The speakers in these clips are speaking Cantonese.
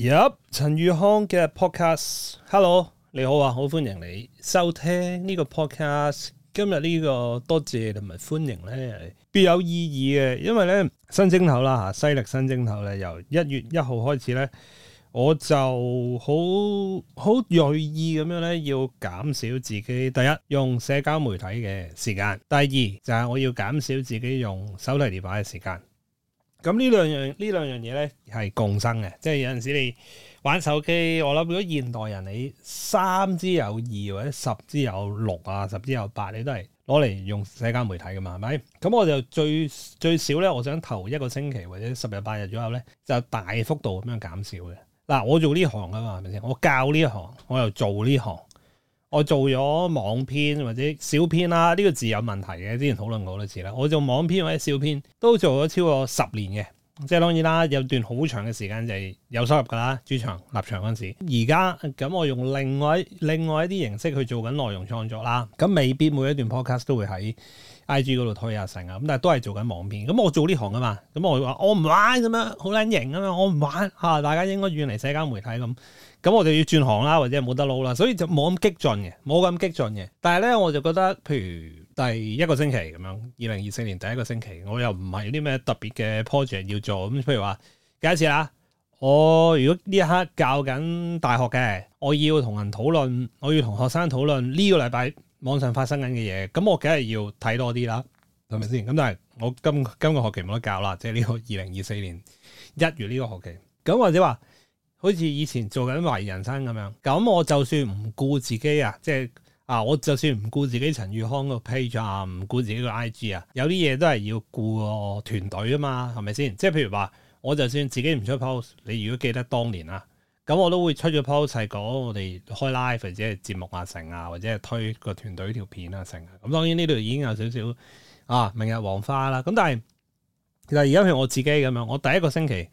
Yep，陳宇康嘅 podcast，Hello，你好啊，好歡迎你收聽呢個 podcast，這個。今日呢個多謝同埋歡迎咧，別有意義嘅，因為咧新正頭啦吓，西力新正頭咧由一月一號開始咧，我就好好銳意咁樣咧，要減少自己第一用社交媒體嘅時間，第二就係、是、我要減少自己用手提電話嘅時間。咁呢兩樣呢兩樣嘢咧，係共生嘅，即係有陣時你玩手機，我諗如果現代人你三之有二或者十之有六啊，十之有八，你都係攞嚟用社交媒體噶嘛，係咪？咁我就最最少咧，我想頭一個星期或者十日八日左右咧，就大幅度咁樣減少嘅。嗱、啊，我做呢行噶嘛，係咪先？我教呢一行，我又做呢行。我做咗網編或者小編啦，呢個字有問題嘅，之前討論過好多次啦。我做網編或者小編都做咗超過十年嘅。即係當然啦，有段好長嘅時間就係有收入噶啦，主場、立場嗰陣時。而家咁我用另外另外一啲形式去做緊內容創作啦，咁未必每一段 podcast 都會喺 IG 度推啊成啊，咁但係都係做緊網片。咁我做呢行㗎嘛，咁我話我唔玩咁樣，好撚型啊嘛，我唔玩嚇、啊，大家應該遠離社交媒體咁，咁我就要轉行啦，或者冇得撈啦，所以就冇咁激進嘅，冇咁激進嘅。但係咧，我就覺得，譬如。第一個星期咁樣，二零二四年第一個星期，我又唔係啲咩特別嘅 project 要做，咁譬如話，假設啊，我如果呢一刻教緊大學嘅，我要同人討論，我要同學生討論呢個禮拜網上發生緊嘅嘢，咁我梗係要睇多啲啦，係咪先？咁、嗯、但係我今今個學期冇得教啦，即係呢個二零二四年一月呢個學期，咁或者話好似以前做緊懷疑人生咁樣，咁我就算唔顧自己啊，即係。啊！我就算唔顧自己陳宇康個 page 啊，唔顧自己個 IG 啊，有啲嘢都係要顧個團隊啊嘛，係咪先？即係譬如話，我就算自己唔出 post，你如果記得當年啊，咁我都會出咗 post 係講我哋開 live 或者係節目啊成啊，或者係推個團隊條片啊成啊。咁當然呢度已經有少少啊明日黃花啦。咁但係，其實而家譬如我自己咁樣，我第一個星期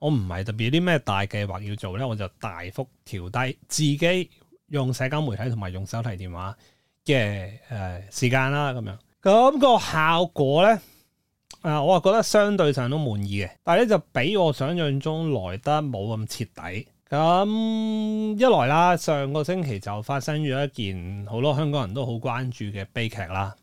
我唔係特別啲咩大計劃要做咧，我就大幅調低自己。用社交媒體同埋用手提電話嘅誒時間啦，咁樣咁個效果咧，啊、呃、我啊覺得相對上都滿意嘅，但係咧就比我想象中來得冇咁徹底。咁、嗯、一來啦，上個星期就發生咗一件好多香港人都好關注嘅悲劇啦。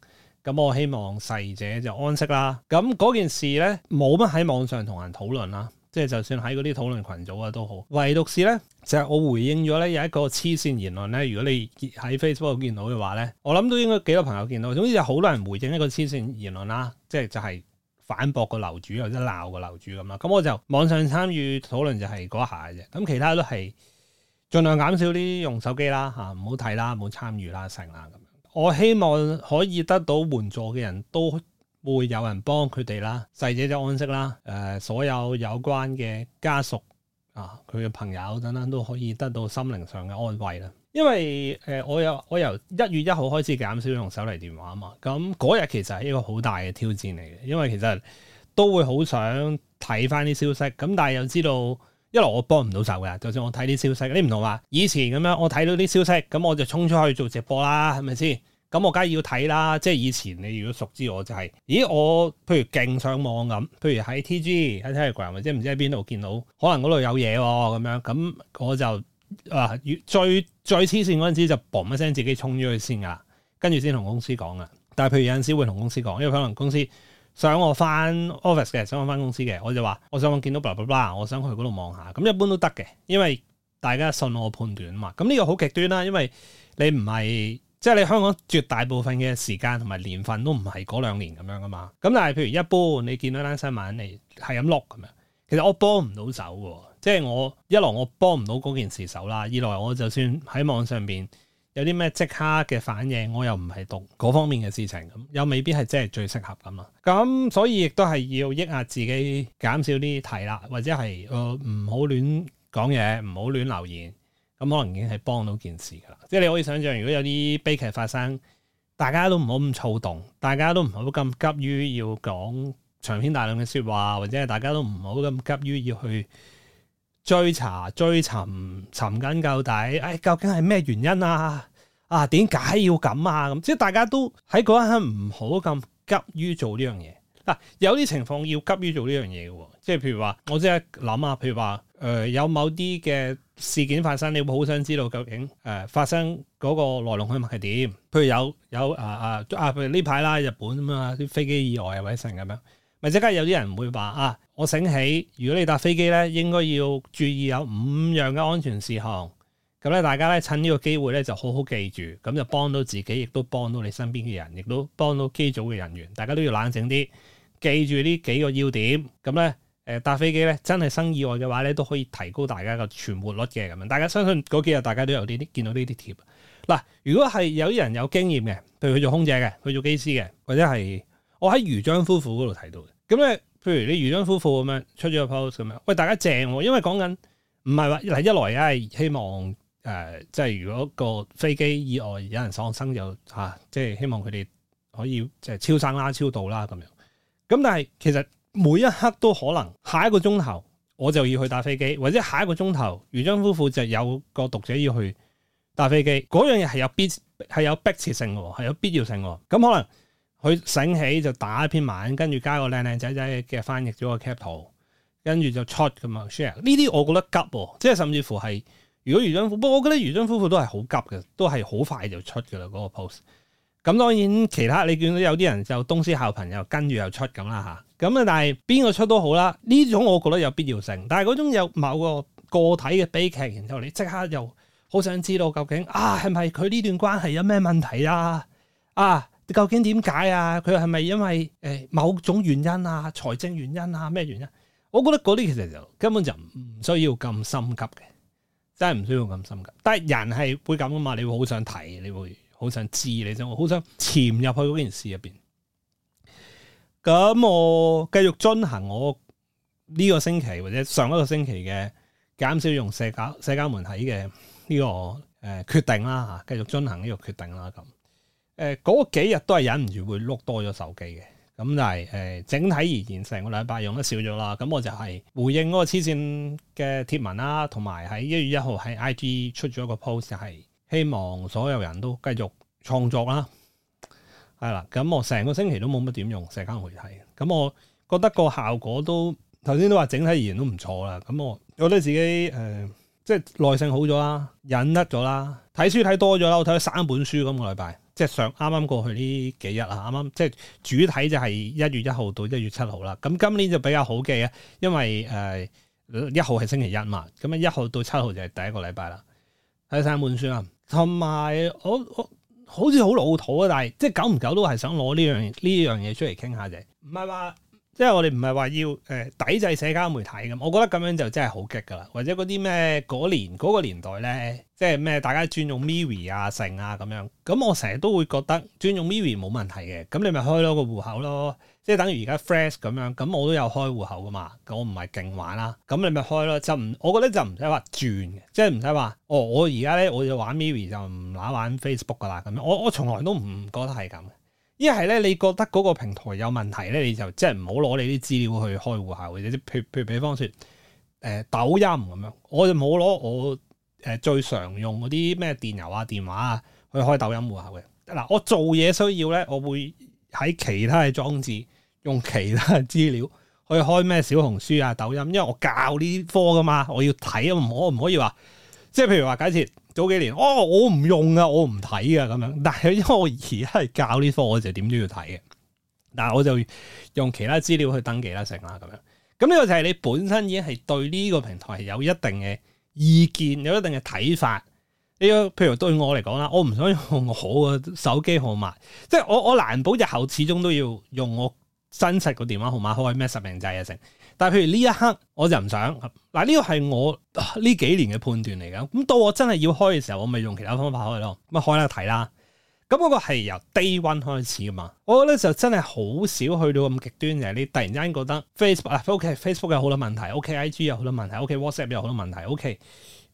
咁、嗯、我希望逝者就安息啦。咁、嗯、嗰件事咧冇乜喺網上同人討論啦，即係就算喺嗰啲討論群組啊都好，唯獨是咧。就係我回應咗咧有一個黐線言論咧，如果你喺 Facebook 見到嘅話咧，我諗都應該幾多朋友見到。總之就好多人回應一個黐線言論啦，即係就係反駁個樓主，或者鬧個樓主咁啦。咁我就網上參與討論就係嗰下嘅啫。咁其他都係盡量減少啲用手機啦，嚇唔好睇啦，唔好參與啦，成啦，咁我希望可以得到援助嘅人都會有人幫佢哋啦，逝者就安息啦。誒、呃，所有有關嘅家屬。佢嘅、啊、朋友等等都可以得到心靈上嘅安慰啦。因為誒、呃，我有我由一月一號開始減少用手提電話，啊嘛。咁嗰日其實係一個好大嘅挑戰嚟嘅，因為其實都會好想睇翻啲消息。咁但係又知道，一來我幫唔到手噶，就算我睇啲消息，你唔同話以前咁樣，我睇到啲消息，咁我就衝出去做直播啦，係咪先？咁我梗係要睇啦，即係以前你如果熟知我就係、是，咦我譬如勁上網咁，譬如喺 TG 喺 Telegram 或者唔知喺邊度見到，可能嗰度有嘢喎咁樣，咁我就啊越最最黐線嗰陣時就嘣一聲自己衝咗去先㗎，跟住先同公司講㗎。但係譬如有陣時會同公司講，因為可能公司想我返 office 嘅，想我返公司嘅，我就話我想我見到 blah blah blah，我想去嗰度望下，咁一般都得嘅，因為大家信我判斷啊嘛。咁呢個好極端啦，因為你唔係。即係你香港絕大部分嘅時間同埋年份都唔係嗰兩年咁樣噶嘛，咁但係譬如一般你見到單新聞你係咁碌咁樣，其實我幫唔到手喎。即係我一來我幫唔到嗰件事手啦，二來我就算喺網上邊有啲咩即刻嘅反應，我又唔係讀嗰方面嘅事情咁，又未必係真係最適合咁嘛。咁、嗯、所以亦都係要抑壓自己，減少啲睇啦，或者係誒唔好亂講嘢，唔好亂留言。咁、嗯、可能已經係幫到件事噶啦，即係你可以想象，如果有啲悲劇發生，大家都唔好咁躁動，大家都唔好咁急於要講長篇大論嘅説話，或者係大家都唔好咁急於要去追查、追尋、尋緊究底，哎，究竟係咩原因啊？啊，點解要咁啊？咁即係大家都喺嗰一刻唔好咁急於做呢樣嘢。嗱、啊，有啲情況要急於做呢樣嘢嘅喎，即係譬如話，我即刻諗下，譬如話。誒、呃、有某啲嘅事件發生，你會好想知道究竟誒、呃、發生嗰個來龍去脈係點？譬如有有啊啊、呃、啊，譬如呢排啦日本啊啲飛機意外啊，或者成咁樣，咪即刻有啲人唔會話啊，我醒起，如果你搭飛機咧，應該要注意有五樣嘅安全事項。咁咧，大家咧趁呢個機會咧就好好記住，咁就幫到自己，亦都幫到你身邊嘅人，亦都幫到機組嘅人員。大家都要冷靜啲，記住呢幾個要點。咁咧。誒、呃、搭飛機咧，真係生意外嘅話咧，都可以提高大家個存活率嘅咁樣。大家相信嗰幾日，大家都有啲見到呢啲貼。嗱，如果係有啲人有經驗嘅，譬如佢做空姐嘅，佢做機師嘅，或者係我喺余張夫婦嗰度睇到嘅。咁、嗯、咧，譬如你余張夫婦咁樣出咗個 pose 咁樣，喂大家正、啊，因為講緊唔係話嗱一來也係希望誒，即、呃、係、就是、如果個飛機意外有人喪生就吓，即、啊、係、就是、希望佢哋可以即係超生啦、超度啦咁樣。咁但係其實。每一刻都可能，下一個鐘頭我就要去搭飛機，或者下一個鐘頭余章夫婦就有個讀者要去搭飛機。嗰樣嘢係有必係有迫切性嘅，係有必要性嘅。咁、嗯、可能佢醒起就打一篇文，跟住加個靚靚仔仔嘅翻譯咗個 caption 跟住就出噶嘛 share。呢啲我覺得急喎，即係甚至乎係如果余章夫婦，不過我覺得余章夫婦都係好急嘅，都係好快就出嘅啦嗰個 post。咁當然，其他你見到有啲人就東施效顰，又跟住又出咁啦吓，咁啊，但係邊個出都好啦，呢種我覺得有必要性，但係嗰種有某個個體嘅悲劇，然後你即刻又好想知道究竟啊係咪佢呢段關係有咩問題啊？啊究竟點解啊？佢係咪因為誒某種原因啊、財政原因啊咩原因、啊？我覺得嗰啲其實就根本就唔需要咁心急嘅，真係唔需要咁心急。但係人係會咁啊嘛，你會好想睇，你會。好想知你，想我好想潛入去嗰件事入邊。咁我繼續進行我呢個星期或者上一個星期嘅減少用社交社交媒體嘅呢個誒決定啦嚇，繼續進行呢個決定啦咁。誒嗰幾日都係忍唔住會碌多咗手機嘅，咁就係誒整體而言，成個禮拜用得少咗啦。咁我就係回應嗰個黐線嘅貼文啦，同埋喺一月一號喺 IG 出咗個 post 就係。希望所有人都繼續創作啦，係啦。咁我成個星期都冇乜點用社交媒體，咁我覺得個效果都頭先都話整體而言都唔錯啦。咁我覺得自己誒、呃，即係耐性好咗啦，忍得咗啦，睇書睇多咗啦。我睇咗三本書咁個禮拜，即係上啱啱過去呢幾日啦，啱啱即係主體就係一月一號到一月七號啦。咁今年就比較好記啊，因為誒、呃、一號係星期一嘛，咁啊一號到七號就係第一個禮拜啦。睇咗三本書啦。同埋我我好似好老土啊，但係即係久唔久都係想攞呢樣呢樣嘢出嚟傾下啫，唔係話。即係我哋唔係話要誒、呃、抵制社交媒體咁，我覺得咁樣就真係好激噶啦。或者嗰啲咩嗰年嗰、嗰個年代咧，即係咩大家轉用 Miri 啊、成啊咁樣。咁我成日都會覺得轉用 Miri 冇問題嘅。咁你咪開多個戶口咯，即係等於而家 Flash 咁樣。咁我都有開戶口噶嘛。我唔係勁玩啦、啊。咁你咪開咯。就唔，我覺得就唔使話轉嘅，即係唔使話哦。我而家咧，我玩就玩 Miri 就唔揦玩 Facebook 噶啦。咁樣，我我從來都唔覺得係咁。一係咧，你覺得嗰個平台有問題咧，你就即係唔好攞你啲資料去開戶口或者係譬如譬如，比方説，誒、呃、抖音咁樣，我就冇攞我誒最常用嗰啲咩電郵啊、電話啊去開抖音戶口嘅。嗱，我做嘢需要咧，我會喺其他嘅裝置用其他資料去開咩小紅書啊、抖音，因為我教呢科噶嘛，我要睇啊，唔可唔可以話？即係譬如話假設早幾年，哦，我唔用啊，我唔睇啊，咁樣。但係因為我而家係教呢科，我就點都要睇嘅。但係我就用其他資料去登記啦，成啦咁樣。咁呢個就係你本身已經係對呢個平台係有一定嘅意見，有一定嘅睇法。呢個譬如對我嚟講啦，我唔想用我嘅手機號碼，即係我我難保日後始終都要用我真實個電話號碼開咩實名制啊，成。等等但係譬如呢一刻我就唔想，嗱，呢個係我呢幾年嘅判斷嚟嘅，咁到我真係要開嘅時候，我咪用其他方法開咯，咁啊，開啦睇啦，咁嗰個係由 Day One 開始噶嘛，我覺得就真係好少去到咁極端，嘅。你突然間覺得 Facebook 啊，OK，Facebook 有好多問題，OK，IG 有好多問題，OK，WhatsApp 有好多問題，OK，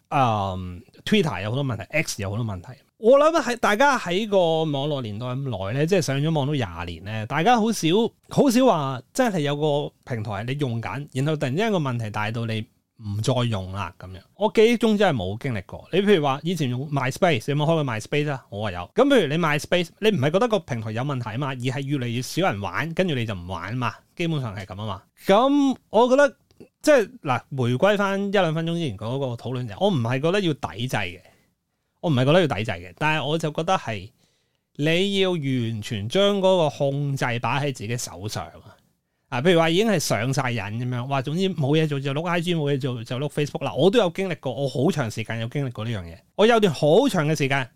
嗯，Twitter 有好多問題，X 有好多問題。Okay，我諗喺大家喺個網絡年代咁耐咧，即係上咗網都廿年咧，大家好少好少話，真係有個平台你用緊，然後突然之間個問題大到你唔再用啦咁樣。我記憶中真係冇經歷過。你譬如話以前用 MySpace，你有冇開過 MySpace 啊？我話有。咁譬如你 MySpace，你唔係覺得個平台有問題啊嘛，而係越嚟越少人玩，跟住你就唔玩嘛。基本上係咁啊嘛。咁我覺得即係嗱，回歸翻一兩分鐘之前嗰個討論就，我唔係覺得要抵制嘅。我唔係覺得要抵制嘅，但係我就覺得係你要完全將嗰個控制擺喺自己手上啊！啊，譬如話已經係上晒癮咁樣，哇！總之冇嘢做就碌 IG，冇嘢做就碌 Facebook 啦。我都有經歷過，我好長時間有經歷過呢樣嘢。我有段好長嘅時間，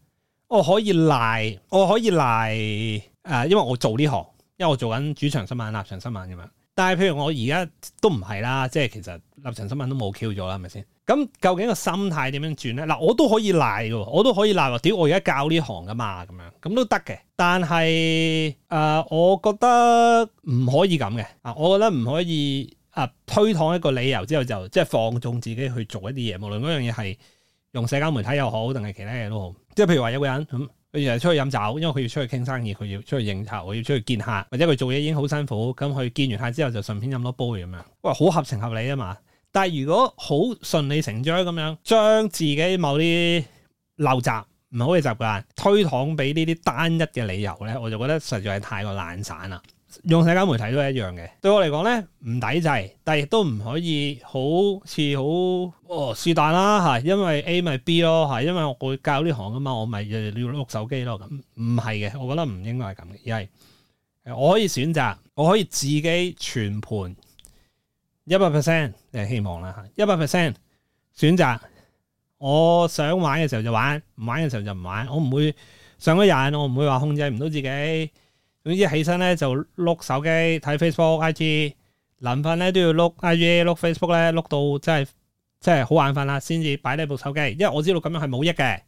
我可以賴，我可以賴誒、啊，因為我做呢行，因為我做緊主場新聞、立場新聞咁樣。但係譬如我而家都唔係啦，即係其實立場新聞都冇 Q 咗啦，係咪先？咁究竟個心態點樣轉咧？嗱，我都可以賴嘅，我都可以鬧啊！屌，我而家教呢行㗎嘛，咁樣咁都得嘅。但係誒、呃，我覺得唔可以咁嘅啊！我覺得唔可以啊、呃，推搪一個理由之後就即係、就是、放縱自己去做一啲嘢，無論嗰樣嘢係用社交媒體又好，定係其他嘢都好。即係譬如話有個人咁。嗯佢成日出去飲酒，因為佢要出去傾生意，佢要出去應酬，佢要出去見客，或者佢做嘢已經好辛苦，咁佢見完客之後就順便飲多杯咁樣，喂，好合情合理啊嘛！但係如果好順理成章咁樣，將自己某啲陋習唔好嘅習慣推搪俾呢啲單一嘅理由咧，我就覺得實在係太過懶散啦。用社交媒體都係一樣嘅，對我嚟講咧唔抵制，但亦都唔可以好似好哦是但啦吓，因為 A 咪 B 咯吓，因為我會教呢行噶嘛，我咪要碌手機咯咁，唔係嘅，我覺得唔應該係咁嘅，而係我可以選擇，我可以自己全盤一百 percent 誒希望啦吓，一百 percent 選擇，我想玩嘅時候就玩，唔玩嘅時候就唔玩，我唔會上嗰日，我唔會話控制唔到自己。總之起身咧就碌手機睇 Facebook IG，臨瞓咧都要碌 IG 碌 Facebook 咧碌到真係真係好眼瞓啦，先至擺呢部手機。因為我知道咁樣係冇益嘅，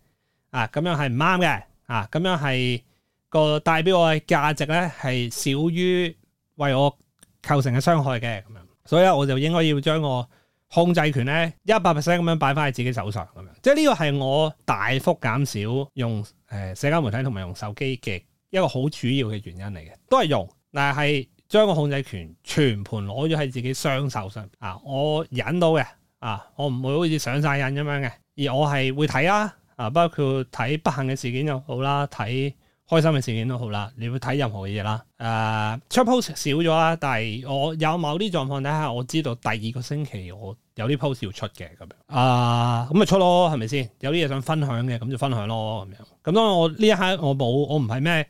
啊咁樣係唔啱嘅，啊咁樣係個代表我嘅價值咧係少於為我構成嘅傷害嘅，咁樣所以我就應該要將我控制權咧一百 percent 咁樣擺翻喺自己手上，咁樣、啊、即係呢個係我大幅減少用誒社交媒體同埋用手機嘅。一個好主要嘅原因嚟嘅，都係用，但係將個控制權全盤攞咗喺自己雙手上啊！我忍到嘅啊，我唔會好似上晒癮咁樣嘅，而我係會睇啊啊，包括睇不幸嘅事件又好啦，睇開心嘅事件都好啦，你會睇任何嘢啦、啊。誒、啊，出 post 少咗啦，但係我有某啲狀況底下，我知道第二個星期我有啲 post 要出嘅咁樣啊，咁咪出咯，係咪先？有啲嘢想分享嘅，咁就分享咯，咁樣咁當我呢一刻我冇我唔係咩？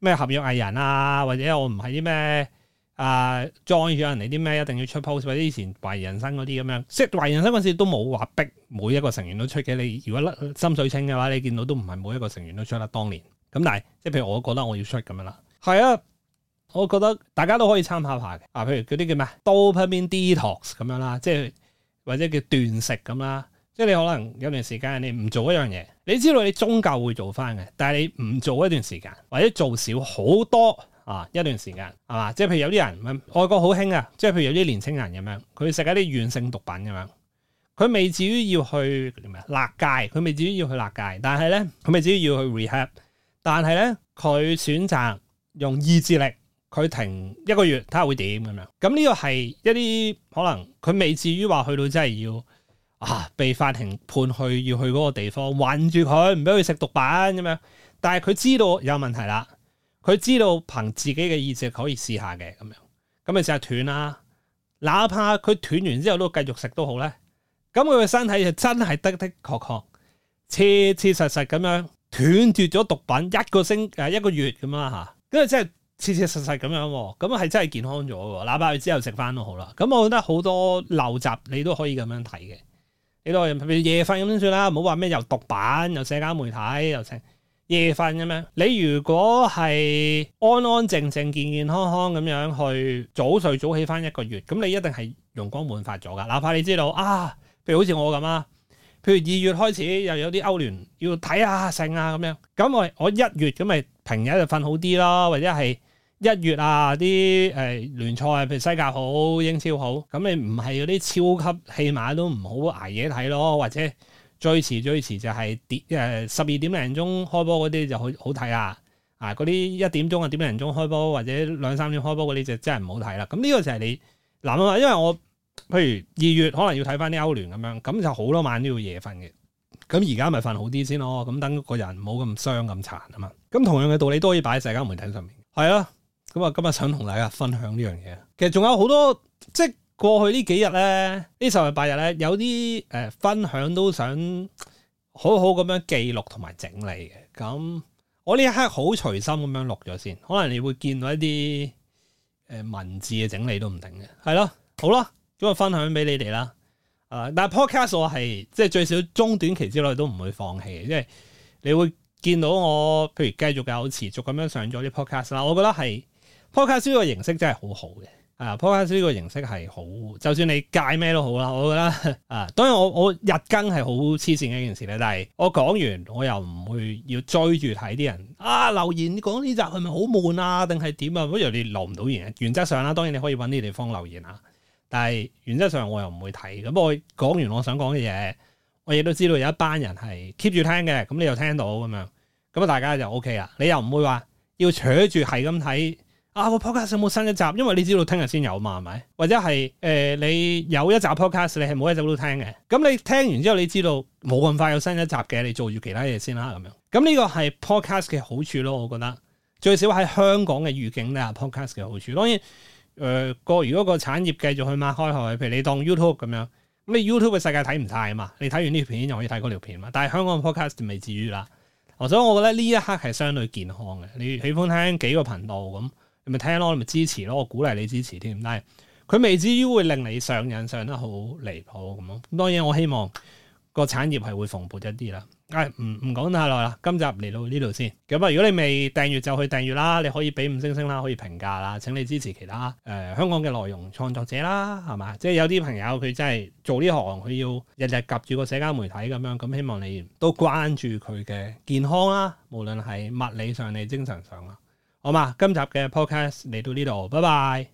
咩合約藝人啊，或者我唔係啲咩啊裝住人哋啲咩，一定要出 post。或者以前懷疑人生嗰啲咁樣，即係懷疑人生嗰時都冇話逼每一個成員都出嘅。你如果心水清嘅話，你見到都唔係每一個成員都出啦。當年咁，但係即係譬如我覺得我要出咁樣啦，係啊，我覺得大家都可以參考下嘅啊。譬如嗰啲叫咩，Dopamine Detox 咁樣啦，即係或者叫斷食咁啦。即係你可能有段時間你唔做一樣嘢，你知道你終究會做翻嘅，但係你唔做一段時間，或者做少好多啊，一段時間，係嘛？即係譬如有啲人，外國好興啊，即係譬如有啲年青人咁樣，佢食一啲軟性毒品咁樣，佢未至於要去點咩？勒戒，佢未至於要去勒戒，但係咧佢未至於要去 rehab，但係咧佢選擇用意志力，佢停一個月睇下會點咁樣。咁呢個係一啲可能佢未至於話去到真係要。啊！被法庭判去要去嗰個地方，困住佢，唔俾佢食毒品咁樣。但係佢知道有問題啦，佢知道憑自己嘅意志可以試下嘅咁樣。咁咪試下斷啦，哪怕佢斷完之後都繼續食都好咧。咁佢嘅身體就真係的的確確、切切實實咁樣斷絕咗毒品一個星誒一個月咁樣吓。跟住真係切切實實咁樣喎，咁啊係真係健康咗喎。哪怕佢之後食翻都好啦。咁我覺得好多陋習你都可以咁樣睇嘅。幾多人譬如夜瞓咁先算啦，唔好話咩又讀版又社交媒體又成夜瞓咁樣。你如果係安安靜靜、健健康康咁樣去早睡早起翻一個月，咁你一定係容光煥發咗噶。哪怕你知道啊，譬如好似我咁啊，譬如二月開始又有啲歐聯要睇下啊剩啊咁樣，咁我我一月咁咪平日就瞓好啲咯，或者係。一月啊，啲誒、呃、聯賽，譬如西甲好，英超好，咁你唔係嗰啲超級戲碼都唔好捱夜睇咯，或者最遲最遲就係跌誒十二點零鐘開波嗰啲就好好睇啊！2，啊，嗰啲一點鐘啊、點零鐘開波或者兩三點開波嗰啲就真係唔好睇啦。咁呢個就係你諗下、啊，因為我譬如二月可能要睇返啲歐聯咁樣，咁就好多晚都要夜瞓嘅。咁而家咪瞓好啲先咯。咁等個人冇咁傷咁殘啊嘛。咁同樣嘅道理都可以擺喺社交媒體上面。係啊。咁啊，今日想同大家分享呢樣嘢。其實仲有好多，即係過去幾呢幾日咧，十呢十日八日咧，有啲誒、呃、分享都想好好咁樣記錄同埋整理嘅。咁我呢一刻好隨心咁樣錄咗先，可能你會見到一啲誒、呃、文字嘅整理都唔定嘅，係咯，好啦，咁啊分享俾你哋啦。啊、呃，但係 podcast 我係即係最少中短期之內都唔會放棄嘅，因為你會見到我，譬如繼續繼續咁樣上咗啲 podcast 啦，我覺得係。Podcast 呢個形式真係好好嘅，啊 Podcast 呢個形式係好，就算你戒咩都好啦，我覺得啊，當然我我日更係好黐線嘅一件事咧，但係我講完我又唔會要追住睇啲人啊留言，你講呢集係咪好悶啊？定係點啊？不如你留唔到言，原則上啦，當然你可以揾啲地方留言啊，但係原則上我又唔會睇。咁我講完我想講嘅嘢，我亦都知道有一班人係 keep 住聽嘅，咁你又聽到咁樣，咁啊大家就 OK 啦。你又唔會話要扯住係咁睇。啊，個 podcast 有冇新一集？因為你知道聽日先有嘛，係咪？或者係誒、呃，你有一集 podcast，你係每一集都聽嘅。咁你聽完之後，你知道冇咁快有新一集嘅，你做住其他嘢先啦，咁樣。咁呢、這個係 podcast 嘅好處咯，我覺得最少喺香港嘅預警咧，podcast 嘅好處。當然誒，個、呃、如果個產業繼續去擘開開，譬如你當 YouTube 咁樣，咁你 YouTube 嘅世界睇唔晒啊嘛，你睇完呢條片，就可以睇嗰條片嘛。但係香港嘅 podcast 未至於啦，所以我覺得呢一刻係相對健康嘅。你喜歡聽幾個頻道咁？咪聽咯，你咪支持咯，我鼓勵你支持添。但係佢未至於會令你上癮上得好離譜咁咯。咁當然我希望個產業係會蓬勃一啲啦。唉、哎，唔唔講太耐啦，今集嚟到呢度先。咁啊，如果你未訂閱就去訂閱啦，你可以俾五星星啦，可以評價啦，請你支持其他誒、呃、香港嘅內容創作者啦，係嘛？即係有啲朋友佢真係做呢行，佢要日日夾住個社交媒體咁樣，咁希望你都關注佢嘅健康啦，無論係物理上你精神上啦。好嘛，今集嘅 podcast 嚟到呢度，拜拜。